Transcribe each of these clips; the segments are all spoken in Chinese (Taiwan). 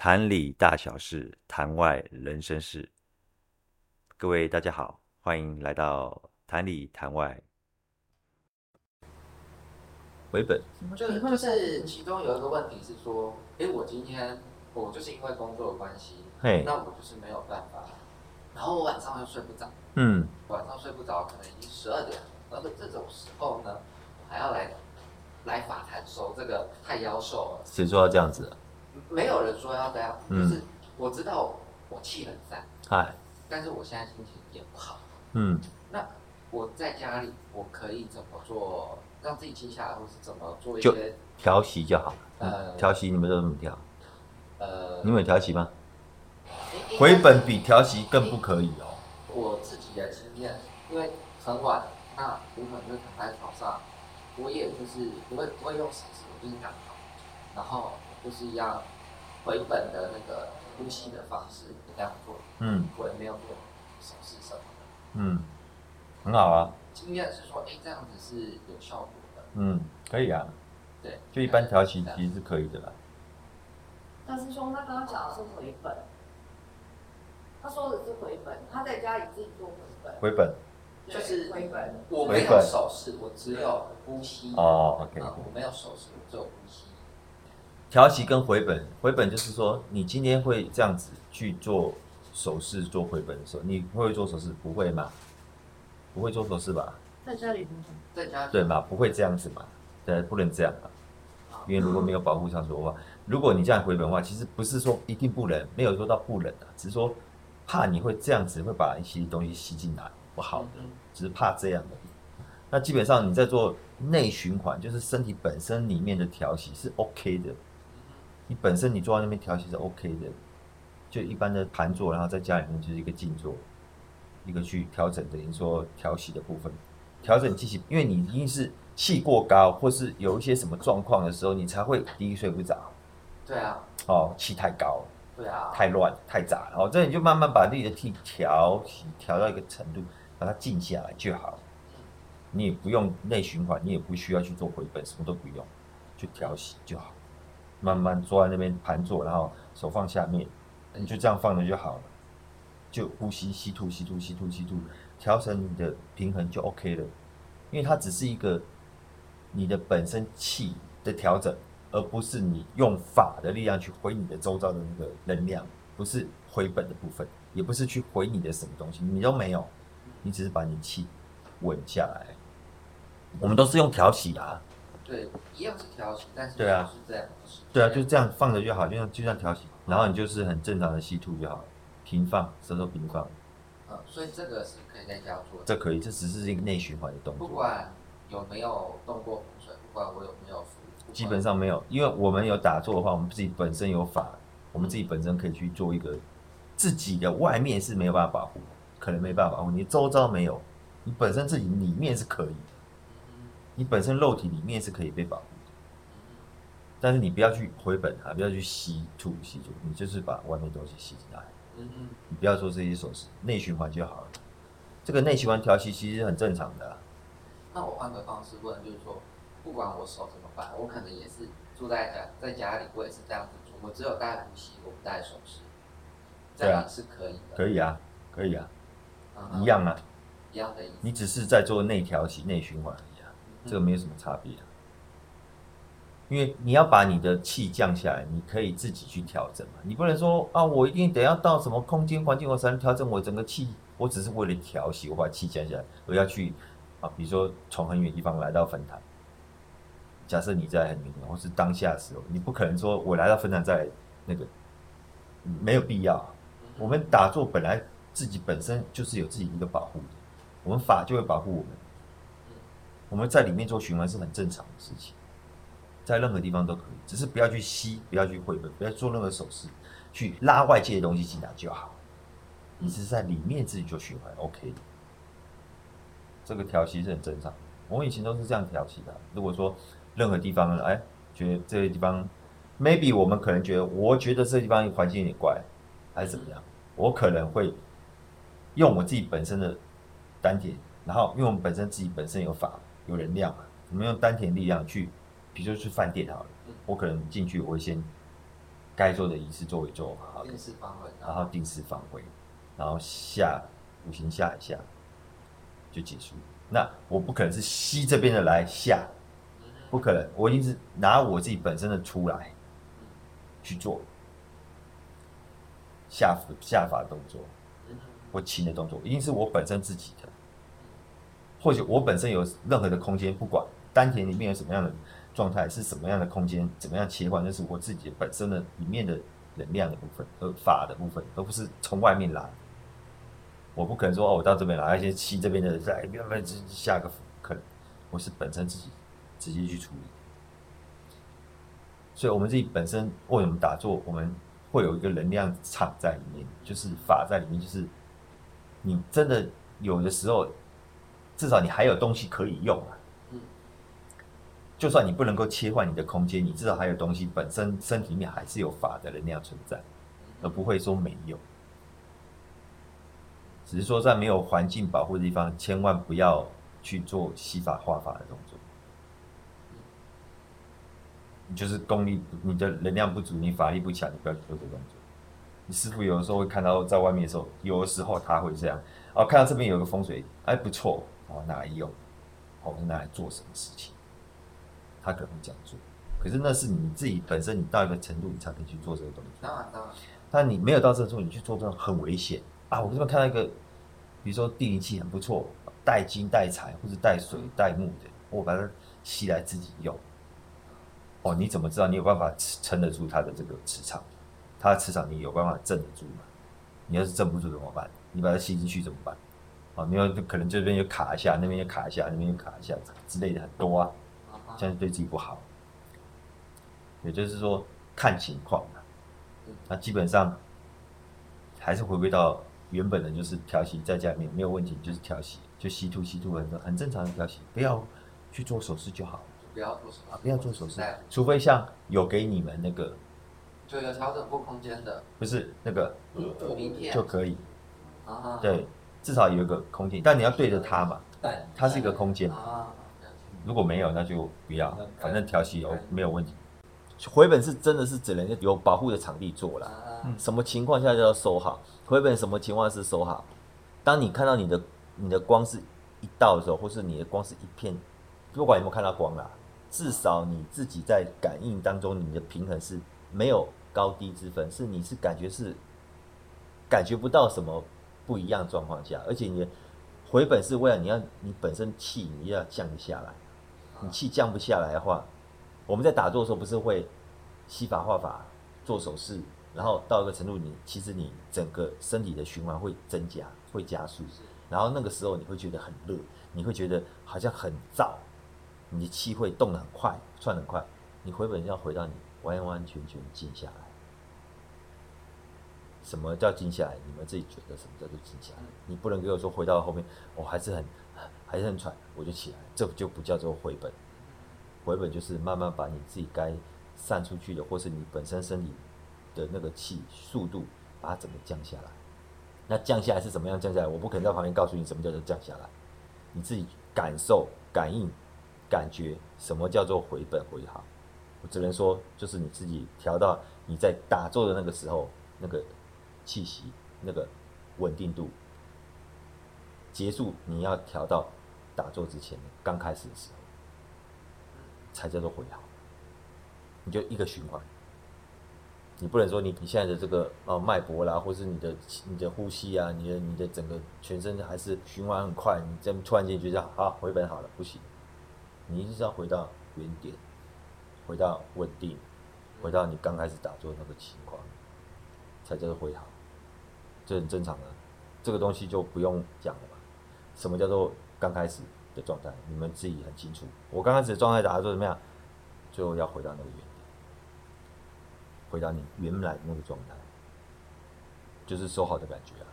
壇裡大小事，壇外人生事。各位大家好，歡迎來到壇裡壇外。回本。就就是其中有一個問題是說，哎、欸，我今天我就是因為工作的關係，嘿，那我就是沒有辦法。然後我晚上又睡不着，嗯，晚上睡不着，可能已經十二點了。然後這種時候呢，我還要來來法壇說這個太夭壽了。誰說要這樣子？沒有人說要的樣，嗯，就是我知道我氣很散，哎，但是我現在心情也不好，嗯，那我在家裡我可以怎麼做讓自己靜下來，或是怎麼做一些調息就，就好了。呃，嗯，調息你們都怎麼調？呃，你們有調息嗎，欸欸？回本比調息更不可以哦。欸欸，我自己的經驗，因為很晚，那可能就躺在床上，我也就是不會不會用手指，我就是躺床，然後。就是一樣回本的那個呼吸的方式這樣做，嗯，我也沒有做手勢什麼的，嗯，很好啊。經驗是說，哎、欸，這樣子是有效果的，嗯，可以啊。對，就一般調息其實是可以的啦。大師兄，他剛剛講的是回本，他說的是回本，他在家裡自己做回本。回本，就是回本。回本我沒有手勢，我只有呼吸。哦，OK, okay。我沒有手勢，我只有呼吸。調息跟回本，回本就是說，你今天會這樣子去做手勢做回本的時候，你會不會，不會做手勢？不會嘛，不會做手勢吧？在家裡不？在家裡對嘛，不會這樣子嘛？對，不能這樣嘛。啊，因為如果沒有保護上手的話、嗯，如果你這樣回本的話，其實不是說一定不能，沒有說到不能啊，只是說怕你會這樣子會把一些東西吸進來，不好的，只、嗯，就是怕這樣的。那基本上你在做內循環，就是身體本身裡面的調息是 OK 的。你本身你坐在那邊調息是 OK 的，就一般的盤坐，然後在家裡面就是一個靜坐，一個去調整等於說調息的部分，調整氣息，因為你一定是氣過高或是有一些什麼狀況的時候，你才會第一睡不着。對啊。哦，氣太高。對啊。太亂太雜，哦，這你就慢慢把自己的氣調息調到一個程度，把它靜下來就好。你也不用內循環，你也不需要去做回本，什麼都不用，去調息就好。慢慢坐在那邊盤坐，然後手放下面，你就這樣放着就好了。就呼吸，吸吐吸吐吸吐吸吐，調整你的平衡就 OK 了。因為它只是一個你的本身氣的調整，而不是你用法的力量去回你的周遭的那個能量，不是回本的部分，也不是去回你的什麼東西，你都沒有，你只是把你氣穩下來。我們都是用調息啊。對，一樣是調息，但是對啊，就是這樣。對啊，是對啊就是這樣放着就好，就像就像調息，然後你就是很正常的吸吐就好，平放，舌頭平放。嗯，所以這個是可以在家做的。這可以，這只是一個內循環的動作。不管有沒有動過風水，不管我有沒有，基本上沒有，因為我們有打坐的話，我們自己本身有法，我們自己本身可以去做一個自己的外面是沒有辦法保護，可能沒辦法保護，你周遭沒有，你本身自己裡面是可以。你本身肉體裡面是可以被保護的、嗯，但是你不要去回本哈、啊，不要去吸吐吸吐，你就是把外面東西吸進來嗯嗯。你不要做這些手勢，內循環就好了。這個內循環調息其實很正常的、啊。那我換個方式問，就是說，不管我手怎麼辦，我可能也是住在家，在家裡，我也是這樣子做，我只有帶呼吸，我不帶手勢，這樣是可以的、啊。可以啊，可以啊，嗯、一樣啊，一樣的你只是在做內調息、內循環。這個沒有什麼差別、啊，因為你要把你的氣降下來，你可以自己去調整嘛。你不能說啊，我一定得要到什麼空間環境，我才能調整我整個氣。我只是為了調息，我把氣降下來，我要去啊，比如說從很遠地方來到分壇。假設你在很遠，或是當下的時候，你不可能說我來到分壇在那個、嗯、沒有必要。我們打坐本來自己本身就是有自己一個保護的，我們法就會保護我們。我們在裡面做循環是很正常的事情，在任何地方都可以，只是不要去吸，不要去會，不要做任何手勢，去拉外界的東西進來就好。你只是在裡面自己做循環，OK。這個調息是很正常的，我們以前都是這樣調息的。如果說任何地方，哎、欸，覺得這個地方，maybe 我們可能覺得，我覺得這地方環境有點怪，還是怎麼樣、嗯，我可能會用我自己本身的丹田，然後因為我們本身自己本身有法。有人量嘛？我們用丹田力量去，比如說去飯店好了，我可能進去我會先該做的儀式做一做，好，定時返回，然後定時返回，然後下五行下一下就結束。那我不可能是吸這邊的來下，不可能，我一定是拿我自己本身的出來去做下下法動作或輕的動作，一定是我本身自己的。或者我本身有任何的空間，不管丹田裡面有什麼樣的狀態，是什麼樣的空間，怎麼樣切換，那、就是我自己本身的裡面的能量的部分和、呃、法的部分，而不是從外面來的。我不可能說哦，我到這邊來一些，且吸這邊的，再慢慢下個可能。我是本身自己直接去處理。所以，我們自己本身為什麼打坐？我們會有一個能量場在裡面，就是法在裡面，就是你真的有的時候。至少你還有東西可以用啊。就算你不能夠切換你的空間，你至少還有東西，本身身體裡面還是有法的能量存在，而不會說沒有。只是說在沒有環境保護的地方，千萬不要去做吸法化法的動作。你就是功力你的能量不足，你法力不強，你不要去做這動作。你師傅有的時候會看到在外面的時候，有的時候他會這樣哦，看到這邊有個風水，哎，不錯。哦，拿來用，哦，拿來做什麼事情？他可能這樣做，可是那是你自己本身，你到一個程度，你才可以去做這個東西。當然，但你沒有到這個程度，你去做這種很危險啊！我這邊看到一個，比如說地靈氣很不錯，帶金帶財或者帶水帶木的，我把它吸來自己用。哦，你怎麼知道你有辦法撐得住它的這個磁場？它的磁場你有辦法鎮得住嗎？你要是鎮不住怎麼辦？你把它吸進去怎麼辦？你要可能這邊又卡一下，那邊又卡一下，那邊又卡一下，卡一下之類的很多啊，這樣對自己不好。Uh -huh. 也就是說，看情況那、啊嗯啊、基本上還是回歸到原本的，就是調息在家裡面沒有問題，就是調息，就吸吐吸吐很很正常的調息，不要去做手勢就好就不要做、啊。不要做手勢，不要做手勢，除非像有給你們那個，就有調整過空間的，不是那個、嗯明天呃、就可以，uh -huh. 對。至少有一個空間，但你要對着它嘛，它是一個空間。如果沒有，那就不要，反正調息有沒有問題。回本是真的是只能有保護的場地做啦、嗯，什麼情況下就要收好？回本什麼情況是收好？當你看到你的你的光是一道的時候，或是你的光是一片，不管有沒有看到光啦，至少你自己在感應當中，你的平衡是沒有高低之分，是你是感覺是感覺不到什麼。不一樣的狀況下，而且你回本是為了你要你本身氣你要降下來，啊、你氣降不下來的話，我們在打坐的時候不是會吸法化法做手勢，然後到一個程度你，你其實你整個身體的循環會增加，會加速，然後那個時候你會覺得很熱，你會覺得好像很燥，你的氣會動的很快，竄很快，你回本就要回到你完完全全靜下來。什麼叫靜下來？你們自己覺得什麼叫做靜下來？你不能給我說回到後面，我、哦、還是很，還是很喘，我就起來，這就不叫做回本。回本就是慢慢把你自己該散出去的，或是你本身身體的那個氣速度，把它整個降下來。那降下來是怎麼樣？降下來，我不可能在旁邊告訴你什麼叫做降下來，你自己感受、感應、感覺什麼叫做回本回好。我只能說，就是你自己調到你在打坐的那個時候，那個。氣息那個穩定度結束，你要調到打坐之前剛開始的時候，才叫做回好。你就一個循環，你不能說你你現在的這個呃脈搏啦，或是你的你的呼吸啊，你的你的整個全身還是循環很快，你這樣突然間覺得啊回本好了，不行，你一定要回到原點，回到穩定，回到你剛開始打坐那個情況，才叫做回好。這很正常的，這個東西就不用講了吧？什麼叫做剛開始的狀態？你們自己很清楚。我剛開始的狀態，打的時候怎麼樣？最後要回到那個原點，回到你原來那個狀態，就是說好的感覺啊。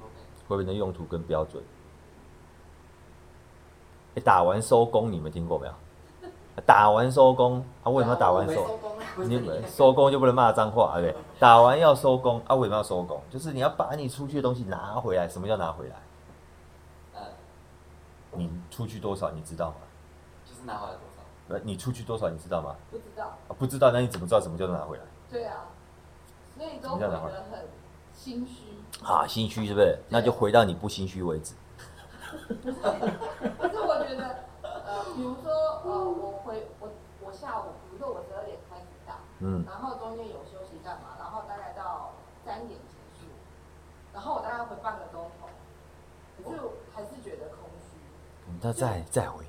Okay. 會不會員的用途跟標準。你、欸、打完收工，你們聽過沒有？打完收工，他、啊、為什麼打完收？完收工你收工就不能罵髒話，對不對？打完要收工啊，為什麼要收工？就是你要把你出去的東西拿回來。什麼叫拿回來？呃，你、嗯、出去多少你知道嗎？就是拿回來多少？呃，你出去多少你知道嗎？不知道。啊、哦，不知道，那你怎麼知道、嗯啊、什麼叫拿回來？對啊，所以你都，你叫拿很心虛。啊，心虛是不是？那就回到你不心虛為止。不是， 不是，我覺得，呃，比如說呃，我回我我下午，比如說我十二點開始打，嗯，然後中間有休息幹嘛了？他再再回，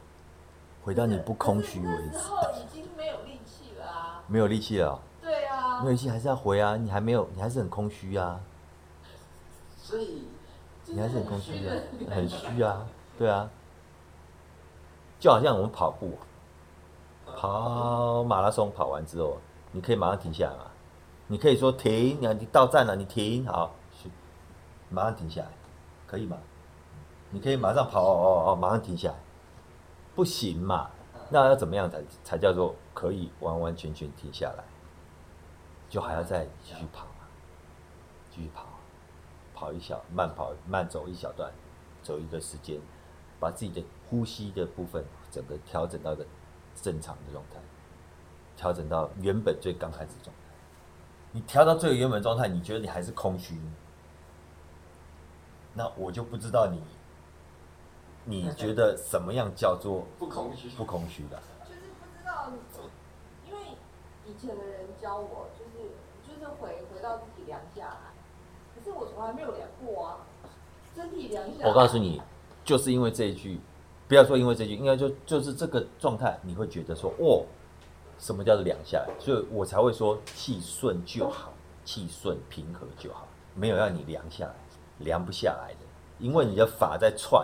回到你不空虛為止。後已經沒有力氣了啊！ 沒有力氣了，喔。對啊。沒有力氣還是要回啊！你還沒有，你還是很空虛啊。所以，你還是很空虛的， 很虛啊，對啊。就好像我們跑步，跑馬拉松跑完之後，你可以馬上停下來嘛？你可以說停，你你到站了，你停好，馬上停下來，可以嗎？你可以馬上跑哦哦哦，馬上停下來，不行嘛？那要怎麼樣才才叫做可以完完全全停下來？就還要再繼續跑繼續跑，跑一小慢跑慢走一小段，走一個時間，把自己的呼吸的部分整個調整到個正常的狀態，調整到原本最剛開始狀態。你調到最原本狀態，你覺得你還是空虛？那我就不知道你。你覺得什麼樣叫做不空虛？不空虛的，就是不知道，因為以前的人教我，就是就是回回到自己涼下來。可是我從來沒有涼過啊，身體涼下來。我告訴你，就是因為這一句，不要說因為這一句，應該就就是這個狀態，你會覺得說，哦，什麼叫做涼下來？所以我才會說，氣順就好，氣順平和就好，沒有要你涼下來，涼不下來的，因為你的法在竄。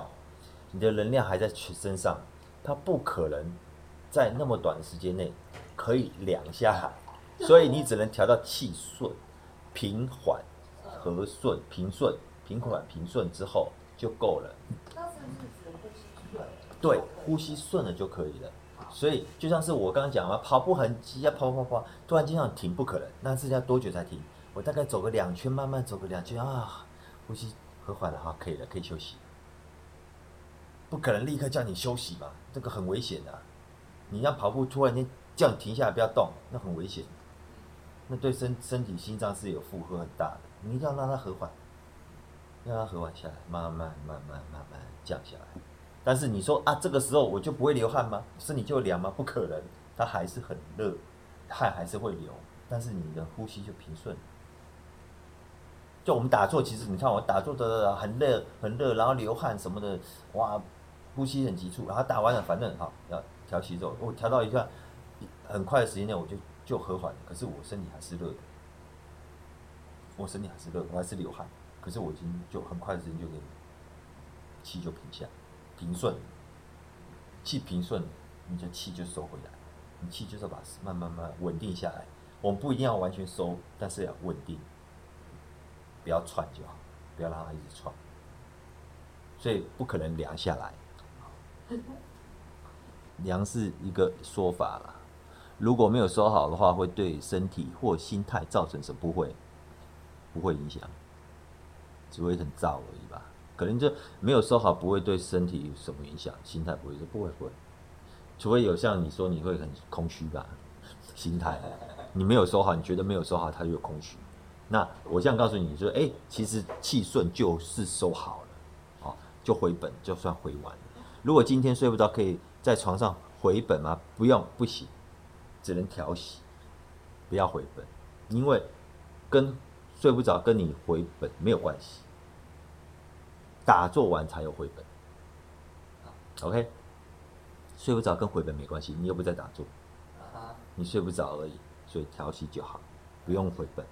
你的能量還在身身上，它不可能在那麼短的時間內可以兩下，所以你只能調到氣順、平緩、和順、平順、平緩、平順之後就夠了。對，呼吸順了就可以了。所以就像是我剛剛講嘛，跑步很急啊，跑跑跑，突然間想停，不可能。那是要多久才停？我大概走個兩圈，慢慢走個兩圈啊，呼吸和緩了好，可以了，可以休息。不可能立刻叫你休息吧？這個很危險的啊。你讓跑步突然間叫你停下來不要動，那很危險。那對身身體、心臟是有負荷很大的。你一定要讓它和緩，讓它和緩下來，慢慢、慢慢、慢慢降下來。但是你說啊，這個時候我就不會流汗嗎？身體就涼嗎？不可能，它還是很熱，汗還是會流，但是你的呼吸就平順了。就我們打坐，其實你看我打坐的很熱，很熱，然後流汗什麼的，哇。呼吸很急促，然後打完了，反正好，要調息走，我調到一段很快的時間內，我就就和緩了。可是我身體還是熱的，我身體還是熱的，我還是流汗。可是我已經就很快的時間就給你氣就平下，平順，氣平順，你的氣就收回來，你氣就是把慢慢慢慢穩定下來。我們不一定要完全收，但是要穩定，不要竄就好，不要讓它一直竄，所以不可能涼下來。糧 是一個說法啦，如果沒有收好的話，會對身體或心態造成什麼？不會，不會影響，只會很燥而已吧。可能就沒有收好，不會對身體有什麼影響，心態不會就不會不會，除非有像你說，你會很空虛吧？心態你沒有收好，你覺得沒有收好，它就有空虛。那我這樣告訴你就，就是、欸、其實氣順就是收好了，哦、就回本就算回完了。如果今天睡不着，可以在床上回本嗎？不用，不行，只能調息，不要回本，因為跟睡不着跟你回本沒有關係。打坐完才有回本，OK？睡不着跟回本沒關係，你又不在打坐，你睡不着而已，所以調息就好，不用回本。